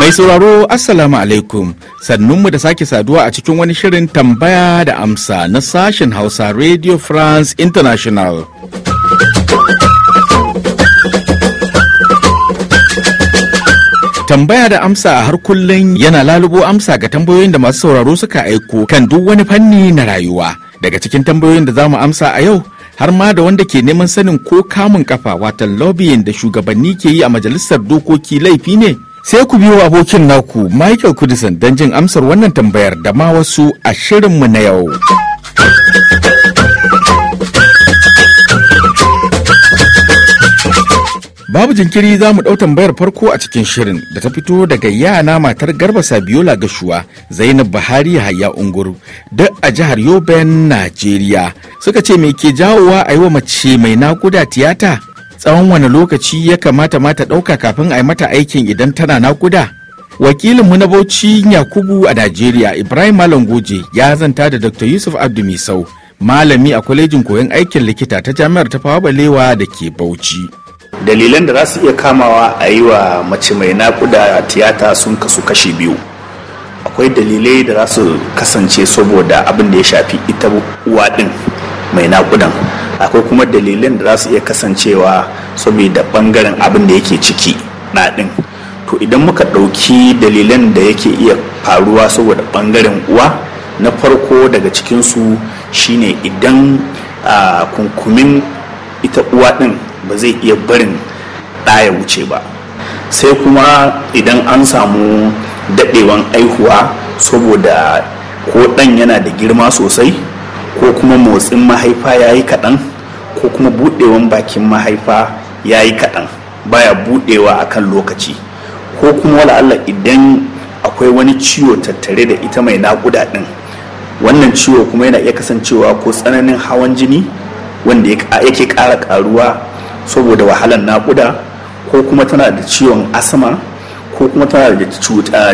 Mai sauraro Assalamu alaikum sannunmu da sake saduwa a cikin wani shirin tambaya da amsa na sashen Hausa Radio France International. Tambaya da amsa a har kullum yana lalubo amsa ga tambayoyin da masu sauraro suka aiko kan duk wani fanni na rayuwa. Daga cikin tambayoyin da za mu amsa a yau har ma da wanda ke neman sanin ko kamun kafa watan lobbying da shugabanni ke yi a majalisar dokoki laifi ne. sai ku biyo abokin naku michael kudisan don jin amsar wannan tambayar da ma wasu a shirinmu na yau babu jinkiri za mu ɗau tambayar farko a cikin shirin da ta fito daga yana matar garba sabiola gashuwa zainab bahari hayya unguru duk a jihar yoben najeriya suka ce me ke jawowa a yi wa mace mai nakuda tiyata tsawon wani lokaci ya kamata mata ɗauka kafin a yi mata aikin idan tana nakuda wakilinmu na bauchi yakubu a najeriya ibrahim malam goje ya zanta da dr yusuf abdu misau malami a kwalejin koyon aikin likita ta jami'ar ta balewa da ke bauchi dalilan da za su iya kamawa a yi wa mace mai nakuda tiyata sun kasu kashi biyu akwai dalilai da za su kasance saboda abin da ya shafi ita uwa din mai nakudan akwai kuma dalilin da za su iya kasancewa saboda bangaren abin da yake ciki na ɗin to idan muka ɗauki dalilan da yake iya faruwa saboda bangaren uwa na farko daga cikinsu shine idan kunkumin ita uwa ɗin ba zai iya barin ɗaya wuce ba sai kuma idan an samu daɗewan aihuwa saboda ko ɗan yana da girma sosai ko kuma motsin mahaifa ya yi kaɗan ko kuma buɗewan bakin mahaifa ya yi kaɗan baya buɗewa akan lokaci ko kuma wala Allah idan akwai wani ciwo tattare da ita mai naƙuda ɗin wannan ciwo kuma yana iya kasancewa ko tsananin hawan jini wanda yake ƙara ƙaruwa saboda wahalar naƙuda ko kuma tana da ciwon asma ko kuma tana da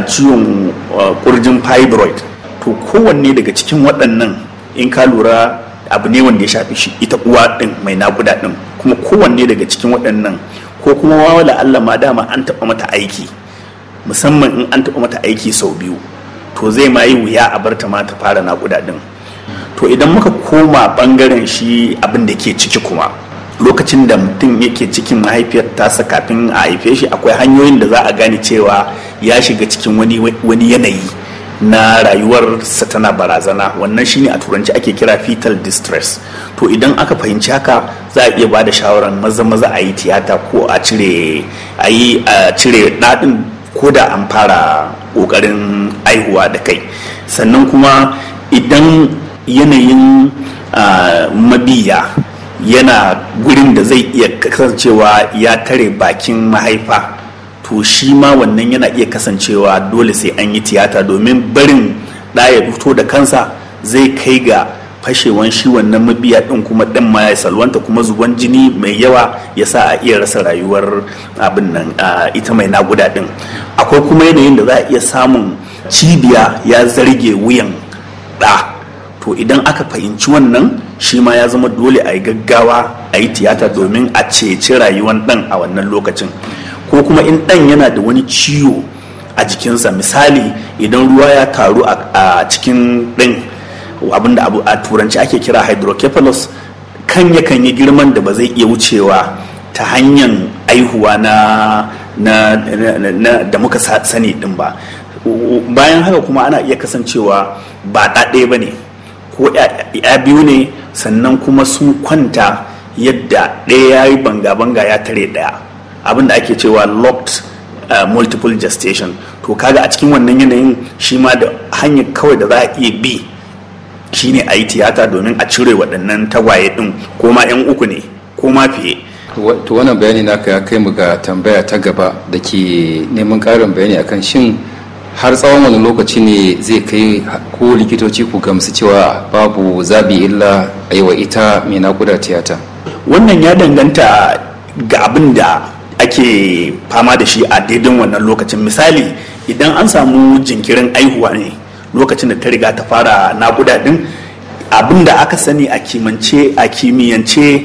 ciwon uh, ƙurjin fibroid to kowanne daga cikin waɗannan in ka lura abu ne wanda ya shafi shi ita uwa din mai nakuda din kuma kowanne daga cikin waɗannan ko kuma wawala Allah ma dama an taɓa mata aiki musamman in an taɓa mata aiki sau biyu to zai ma yi wuya a bar ta ma ta fara nakuda din to idan muka koma bangaren shi abin da ke ciki kuma lokacin da mutum yake cikin mahaifiyar tasa kafin a haife shi akwai hanyoyin da za a gane cewa ya shiga cikin wani yanayi na rayuwar sa tana barazana wannan shine a turanci ake kira fetal distress to idan aka fahimci haka za a iya bada da shawarar maza maza a yi tiyata ko a cire a yi a cire ɗaɗin ko da an fara ƙoƙarin aihuwa da kai sannan kuma idan yanayin mabiya yana gurin da zai iya kasancewa ya tare bakin mahaifa to shi ma wannan yana iya kasancewa dole sai an yi tiyata domin barin ɗa ya fito da kansa zai kai ga fashewan shi wannan mabiya ɗin kuma ɗin ma ya salwanta kuma zuban jini mai yawa ya sa a iya rasa rayuwar abin nan ita mai naguda ɗin akwai kuma yanayin da za a iya samun cibiya ya zarge wuyan ɗa to idan aka fahimci wannan shi ma ya zama dole a yi gaggawa a yi tiyata domin a ceci rayuwan ɗan a wannan lokacin ko kuma in ɗan yana da wani ciwo a jikinsa misali idan ruwa ya taru a cikin ɗin abinda a turanci ake kira hydrocephalus kan yakan yi girman da ba zai iya wucewa ta hanyar aihuwa na, da muka sani ɗin ba bayan haka kuma ana iya kasancewa ba ɗaɗe ba ne ko ya biyu ne sannan kuma sun kwanta yadda ɗaya ya yi banga-banga ya tare ɗaya abin da ake cewa locked uh, multiple gestation to kaga a cikin wannan yanayin shi ma da hanyar kawai da za a iya bi shi ne a yi tiyata domin a cire waɗannan tagwaye ɗin ko ma 'yan uku ne ko ma fiye to wannan bayani naka ya kai mu ga tambaya ta gaba da ke neman ƙarin bayani akan shin har tsawon wani lokaci ne zai kai ko likitoci ku gamsu cewa babu zabi illa a yi wa ita mai nakuda tiyata wannan ya danganta ga abin da ake fama da shi a daidai wannan lokacin misali idan an samu jinkirin aihuwa ne lokacin da ta riga ta fara naƙuda din abin da aka sani a kimance a kimiyyance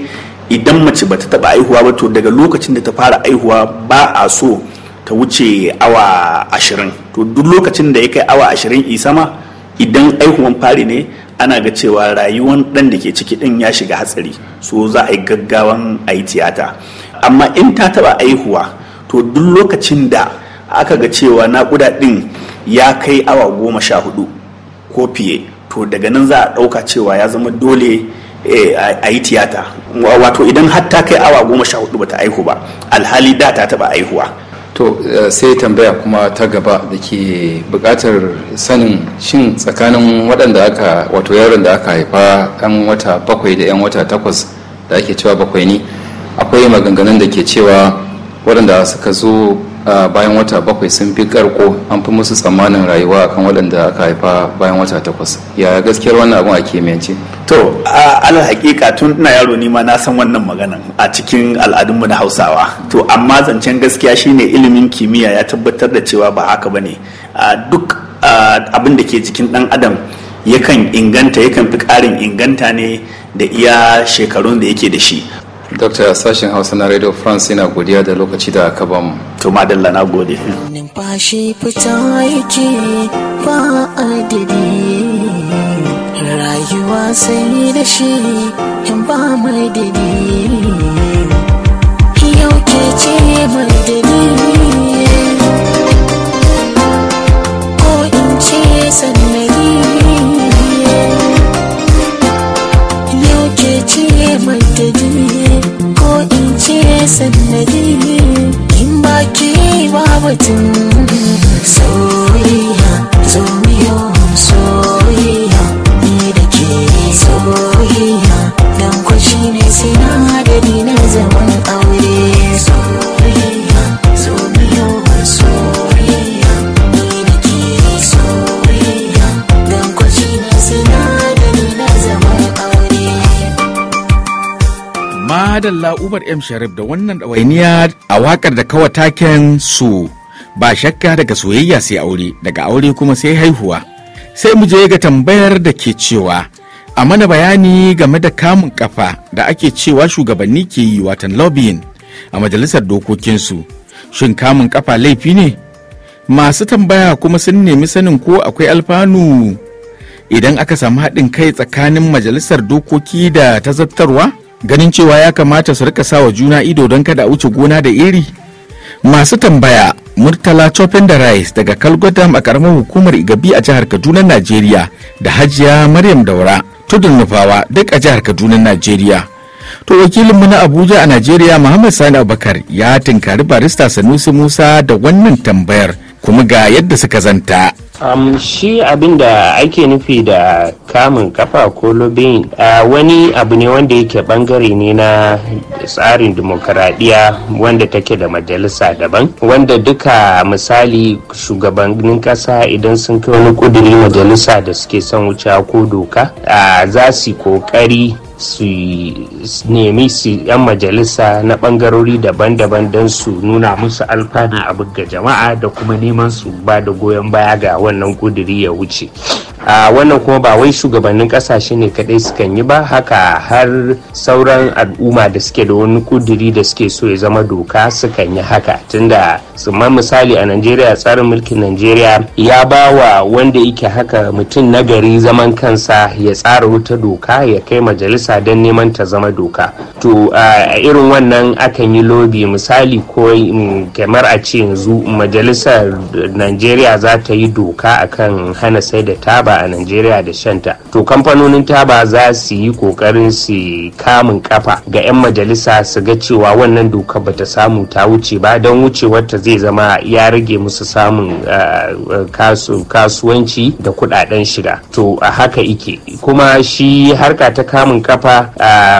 idan mace bata taba aihuwa ba to daga lokacin da ta fara aihuwa ba a so ta wuce awa ashirin to duk lokacin da ya kai awa ashirin isa ma idan aihuwan fari ne ana ga cewa rayuwan ɗan da ke ciki ɗin ya shiga hatsari so za a yi gaggawan a yi tiyata amma in ta taba aihuwa to duk lokacin da aka ga cewa naƙuda ɗin ya kai awa goma sha hudu ko fiye to daga nan za a ɗauka cewa ya zama dole eh, a yi tiyata wato idan har ta kai awa goma sha hudu bata aihu ba alhali da ta taba aihuwa to eh, sai tambaya kuma ta gaba da ke bukatar sanin shin tsakanin waɗanda aka wato yaron da aka haifa 'yan wata bakwai da 'yan wata takwas da ake cewa bakwai ne akwai maganganun da ke cewa waɗanda suka zo bayan wata bakwai sun fi karko an fi musu tsammanin rayuwa kan waɗanda aka haifa bayan wata takwas ya gaskiyar wannan abin a kimiyyance to alal hakika tun ina yaro ni ma na san wannan maganan a cikin al'adunmu na hausawa to amma zancen gaskiya shine ilimin kimiyya ya tabbatar da cewa ba haka bane duk abin da ke cikin ɗan adam yakan inganta yakan fi karin inganta ne da iya shekarun da yake da shi Dokta sashen Hausa na Radio France yana godiya da lokaci da aka bamu. To madalla na gode. Numfashi fita yake ba adadi rayuwa sai da shi in ba mai madadi yau ke ce madadi ko in ce sannari yau ke ce san na in ba ke ba da Umar M Sharif da wannan ɗawainiya a wakar da kawa taken su ba shakka daga soyayya sai aure daga aure kuma sai haihuwa sai mu je ga tambayar da ke cewa a mana bayani game da kamun kafa da ake cewa shugabanni ke yi watan lobbying a majalisar dokokinsu shin kamun kafa laifi ne masu tambaya kuma sun nemi sanin ko akwai alfanu idan aka samu haɗin kai tsakanin majalisar dokoki da ta zartarwa ganin cewa ya kamata su rika sawa juna ido don kada a wuce gona da iri masu tambaya murtala chopin da rice daga kalgodam a karamar hukumar igabi a jihar kaduna najeriya da hajiya maryam daura tudun nufawa duk a jihar kaduna najeriya to wakilinmu na abuja a najeriya muhammad sani abubakar ya tinkari barista sanusi musa da wannan tambayar kuma ga yadda suka zanta Um, shi abin da ake nufi da kamun kafa ko lobin uh, wani abu ne wanda yake bangare ne na tsarin demokaradiyya wanda take da majalisa daban wanda duka misali shugabannin kasa idan sun kai wani kuduri majalisa da suke son wuce ko doka uh, za su kokari su nemi su 'yan majalisa na bangarori daban-daban don su nuna musu alfana a buga jama'a da kuma neman su ba da goyon baya ga wannan kuduri ya wuce A wannan kuma ba wai shugabannin kasashe ne kadai sukan yi ba haka har sauran al'umma da suke da wani kuduri da suke so ya zama doka sukan yi haka tunda ma misali a najeriya tsarin mulkin najeriya ya ba wa wanda yake haka mutum nagari zaman kansa ya tsara wata doka ya kai majalisa don neman ta zama doka to a irin wannan akan yi lobi misali ko kamar a ce yanzu majalisar najeriya za ta yi doka akan hana sai da taba a najeriya da shanta to kamfanonin taba za su yi kokarin su kamun kafa ga 'yan majalisa su ga cewa wannan doka ta samu ta wuce ba don wucewar ta zai zama ya rage musu samun kasuwanci da kudaden shiga to a haka ike kuma shi harka ta kamun kafa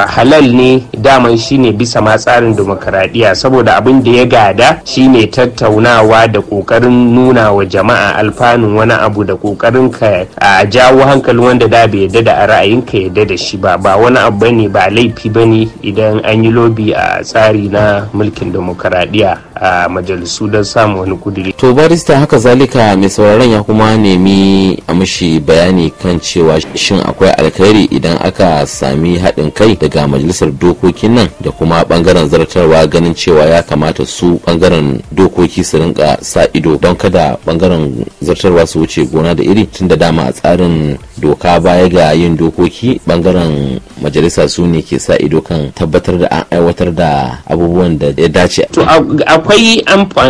halal ne daman shine bisa ma tsarin demokaradiyya saboda abin da ya gada shine tattaunawa da kokarin nuna wa jama'a alfanun wani abu da kokarin ka a jawo hankalin wanda da bai yadda da a ra'ayinka yadda da shi ba ba wani abu bane ba laifi bane idan an yi lobi a tsari na mulkin demokaradiyya a majalisu don samun wani kudiri. To barista haka zalika mai sauraron ya kuma nemi a mashi bayani kan cewa shin akwai alkhairi idan aka sami haɗin kai daga majalisar dokokin nan da kuma ɓangaren zartarwa ganin cewa ya kamata su bangaren dokoki su rinka sa ido don kada bangaren zartarwa su wuce gona da iri tun da dama a tsarin doka baya ga yin dokoki bangaren majalisa su ne ke sa ido kan tabbatar da an aiwatar da abubuwan da ya dace to akwai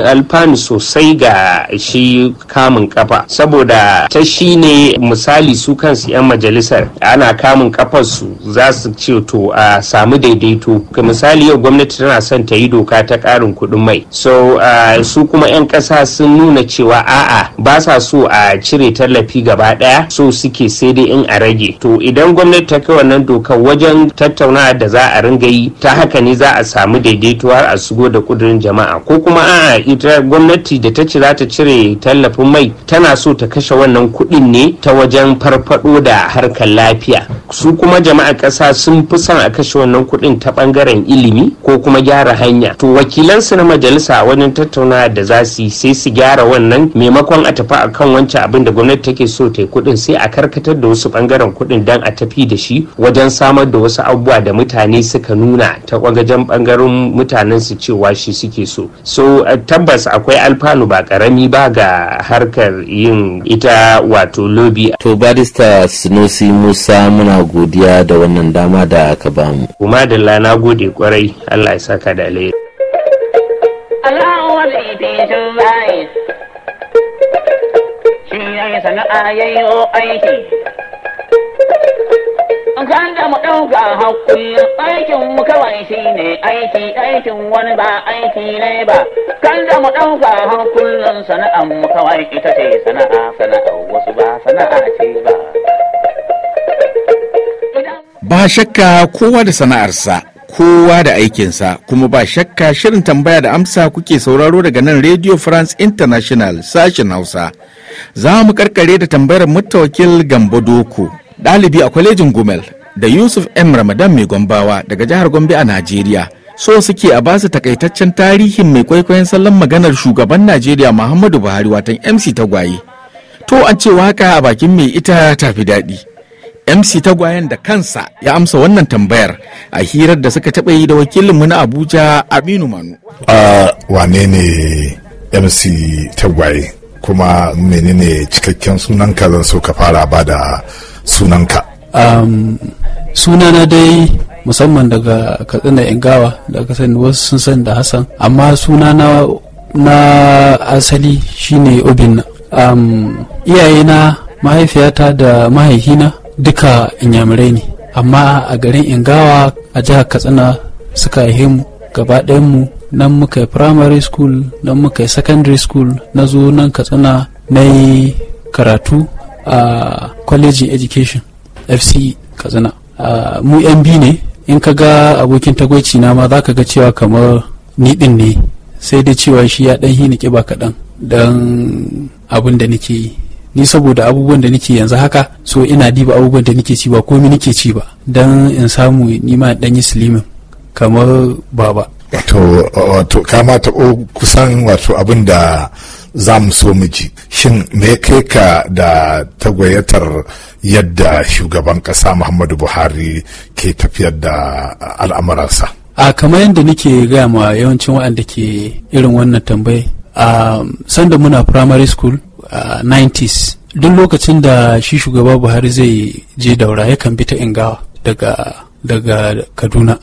alfanu sosai ga shi kamun kafa saboda ta shi ne misali su kansu 'yan majalisar ana kamun kafarsu za su ce to a samu daidaito ga misali yau gwamnati tana son ta yi doka ta karin kuɗin mai so su kuma 'yan ƙasa sun nuna cewa a'a ba sa so a cire tallafi gaba ɗaya so suke sai dai in a rage to idan gwamnati ta kai wannan dokar wajen tattaunawa da za a ringa yi ta haka ne za a samu daidaito har a shigo da kudirin jama'a ko kuma a'a ita gwamnati da ta ce za ta cire tallafin mai tana so ta kashe wannan kudin ne ta wajen farfado da harkar lafiya su kuma jama'a ƙasa sun fi son a kashe wannan kudin ta bangaren ilimi ko kuma gyara hanya to wakilansu na majalisa wajen tattaunawa da za su yi sai su gyara wannan maimakon a tafi akan wancan abin da gwamnati take so ta yi kudin sai a karkata fitar da wasu bangaren kuɗin don a tafi da shi wajen samar da wasu abubuwa da mutane suka nuna ta wajen bangaren mutanen su cewa shi suke so so eh, tabbas akwai alfanu ba karami ba ga harkar yin ita wato lobi to barista sinusi musa muna godiya da wannan dama da ka bamu kuma da na gode kwarai allah ya saka da alheri sana'a ya yi aiki. Kada mu ɗauka hakkun aikin mu kawai shi ne aiki aikin wani ba aiki ne ba. Kada mu ɗauka hakkun sana'an mu kawai ita ce sana'a sana'a wasu ba sana'a ce ba. Ba shakka kowa da sana'arsa. kowa da aikinsa kuma ba shakka shirin tambaya da amsa kuke sauraro daga nan radio france international sashen hausa za mu karkare da tambayar mutawakil gambo doko ɗalibi a kwalejin gumel da yusuf m ramadan mai gombawa daga jihar gombe a najeriya so suke a basu takaitaccen tarihin mai kwaikwayon salon maganar shugaban najeriya muhammadu buhari watan mc tagwaye to an ce waka a bakin mai ita tafi daɗi mc tagwayen da kansa ya amsa wannan tambayar a hirar da suka taɓa yi da wakilinmu na abuja aminu manu uh, wane ne mc tagwaye kuma menene cikakken sunanka zan so ka fara ba da sunanka um, sunana dai musamman daga katsina ingawa gawa daga sani wasu sun sani da hassan amma sunana na asali shine obinna um, iyayena mahaifiyata da mahaifina duka inyamurai ne amma a garin ingawa a jihar katsina suka haihe mu gaba mu nan muka yi primary school nan muka yi secondary school na zo nan katsina na yi karatu a college education fc katsina mu yan biyu ne in ka ga abokin tagwaci na ma za ka ga cewa kamar niɗin ne sai dai cewa shi ya ɗan hini ba kaɗan don abin da nake yi ni saboda abubuwan da nake yanzu haka so ina diba abubuwan da nake ci ba komi nake ci ba don in samu nima ɗan yi slimin kamar baba wato wato kama ta kusan wato abin da za mu so miji shin me kai ka da tagwayatar yadda shugaban ƙasa muhammadu buhari ke tafiyar da al'amuransa a kamar yadda nake gaya ma yawancin waɗanda ke irin wannan tambayi a sanda muna primary school a 90s duk lokacin da shi shugaba buhari zai je daura yakan bi ta ingawa daga daga kaduna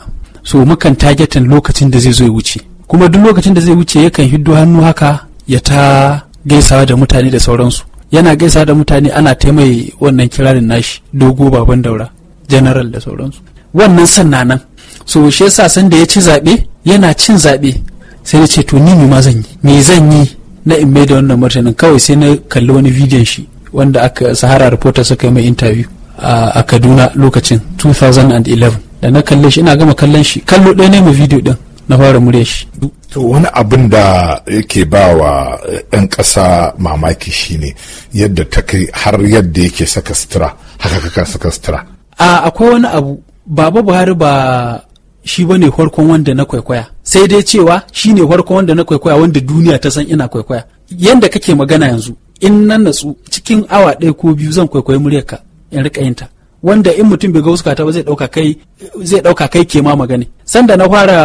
so mukan targetin lokacin da zai zo ya wuce kuma duk lokacin da zai wuce yakan hiddo hannu haka ya ta gaisawa da mutane da sauransu yana gaisawa da mutane ana taimai wannan kirarin nashi dogo baban daura general da sauransu wannan sanna nan so shi yasa san da ya ci zaɓe yana cin zaɓe sai ya ce to ni ma zan yi me zan yi na in mai da wannan martanin kawai sai na kalli wani bidiyon shi wanda aka sahara reporter suka yi mai interview a kaduna lokacin 2011 da na kalle shi ina gama kallon shi kallo ɗaya ne mu video ɗin na fara murya shi to wani abin da yake ba wa ɗan eh, ƙasa mamaki shine yadda ta kai har yadda yake saka sutura haka kaka saka sutura a akwai wani abu baba buhari ba shi ba ne farkon wanda na kwaikwaya sai dai cewa shi ne farkon wanda na kwaikwaya wanda duniya ta san ina kwaikwaya yanda kake magana yanzu in nan natsu cikin awa ɗaya ko biyu zan kwaikwayi muryarka in rika yinta wanda in mutum bai ga wasu ba zai dauka kai zai ɗauka kai ke ma magani sanda na fara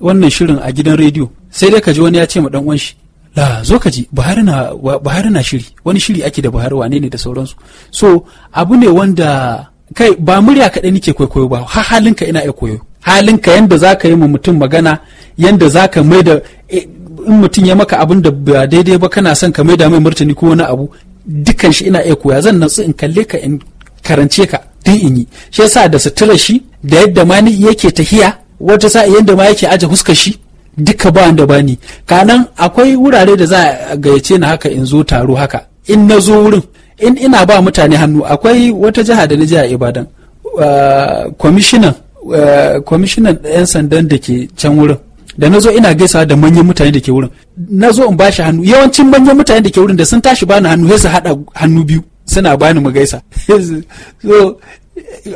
wannan shirin a gidan rediyo sai dai ka ji wani ya ce ma dan uwan shi la zo ka ji Buhari na Buhari shiri wani shiri ake da Buhari wane ne da sauransu so abu ne wanda kai ba murya kaɗai nike kwaikwayo ba ha halinka ina ya koyo halinka yanda za ka yi ma mutum magana yanda za ka mai da eh, in mutum ya maka abin da ba daidai ba kana son ka mai da mai murtani ko wani abu dukan shi ina iya koya zan natsu in kalle ka in karance ka duk in yi shi yasa da sutura shi da yadda mani ni yake tahiya wata sa yadda ma yake aje huska shi duka ba wanda bani kanan akwai wurare da za a gayyace ni haka in zo taro haka in na zo wurin in ina ba mutane hannu akwai wata jiha da na jiha ibadan uh, kwamishinan uh, kwamishinan 'yan sandan da ke can wurin da na zo ina gaisawa da manyan mutane da ke wurin na zo in ba shi hannu yawancin manyan mutane da ke wurin da sun tashi bani hannu sai su haɗa hannu biyu suna bani mu gaisa so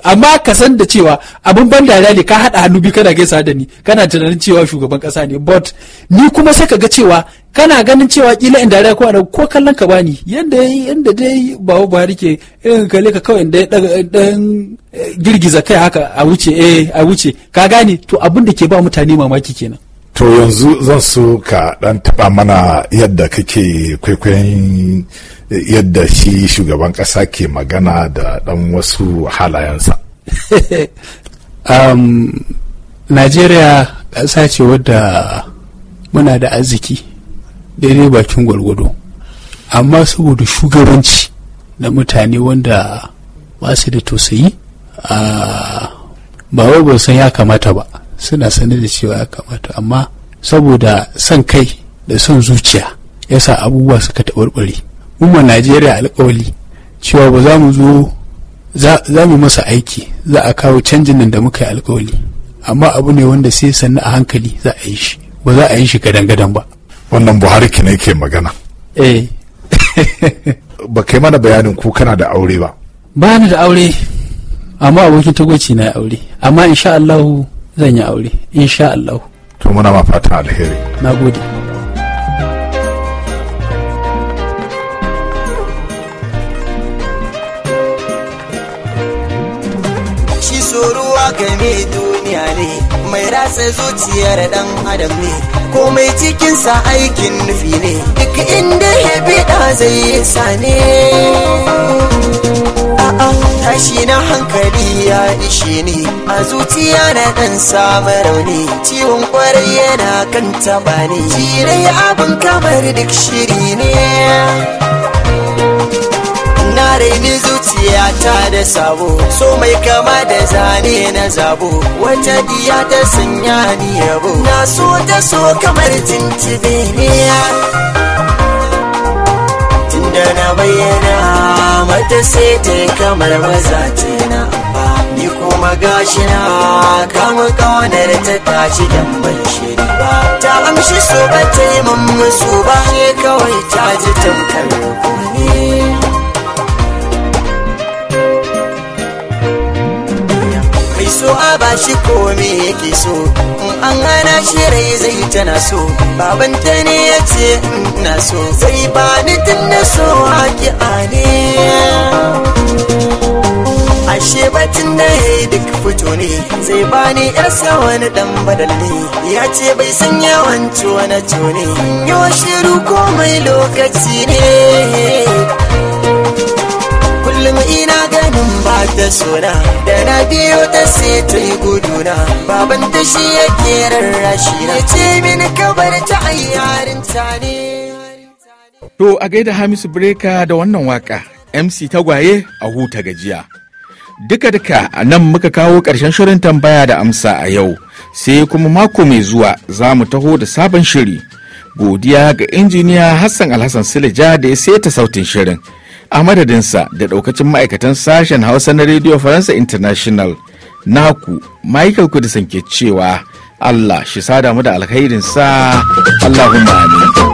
amma ka san da cewa abin ban dariya ne ka haɗa hannu biyu kana gaisa da ni kana tunanin cewa shugaban kasa ne but ni kuma sai ka ga cewa kana ganin cewa kila in dariya ko anan ko kallon ka bani yanda yanda dai bawo buhari ke irin kale ka kawai da dan eh, girgiza kai haka a wuce eh a wuce ka gane to abin da ke ba mutane mamaki kenan to yanzu zan su ka dan taba mana yadda kake kwaikwayon yadda shi shugaban kasa ke magana da dan wasu halayensa um, najeriya ƙasa ce wadda muna da arziki daidai bakin gwargwado amma saboda shugabanci na mutane wanda ba su da tausayi ah, ba wai san ya kamata ba suna sane da cewa ya kamata amma saboda son kai da son zuciya ya sa abubuwa suka taɓarɓare umma najeriya alƙawali cewa ba za mu zo za mu masa aiki za a kawo canjin nan da muka yi alƙawali amma abu ne wanda sai sannu a hankali za a yi shi ba za a yi shi gadan-gadan ba wannan buhari ki ne ke magana eh ba kai mana bayanin ku kana da aure ba ba ni da aure amma abokin tagoci na aure amma insha Allah zan yi aure insha Allah to muna ma fatan alheri na gode. shi soruwa game duniya ne mai rasa zuciyar dan adam ne komai cikinsa aikin nufi ne duk inda ya biɗa zai yi sane tashi na hankali ya ishe ni a zuciya na ɗan samu rauni ciwon kwarai yana kan taba ni jirai abin kamar duk shiri ne na raini zuciya ta da sabo so mai kama da zane na zabo wata diya ta sun yabo na so ta so kamar tintibe ne da na bayyana mata sai ta kamar maza ce na ba ni kuma gashi na kama kawanar ta tashi dan ban shiri ba ta amshi su ba ta yi mun musu ba ne kawai ta ji tamkar ne so a ba shi kome yake so in an hana shi rai zai tana so babanta ne ya ce mm, ina so zai ba ni tun na so ki a ne ashe batun da ya yi duk fito ne zai ba ni yarsa wani dan badalli ya ce bai san yawan ciwo na ciwo ne shiru komai lokaci ne kullum ina ganin ba ta suna da na biyo ta sai ta yi guduna baban ta shi ya kerar rashina ce mini kabar ta ayyarin ta ne To a gaida Hamisu Breka da wannan waka MC Tagwaye a huta gajiya. Duka-duka a nan muka kawo ƙarshen shirin tambaya da amsa a yau, sai kuma mako mai zuwa za mu taho da sabon shiri. Godiya ga injiniya Hassan Alhassan Silija da ya seta sautin shirin. a madadinsa da daukacin ma'aikatan sashen hausa na radio faransa international naku michael kudisan ke cewa allah shi sada mu da alkhairinsa allahumma amin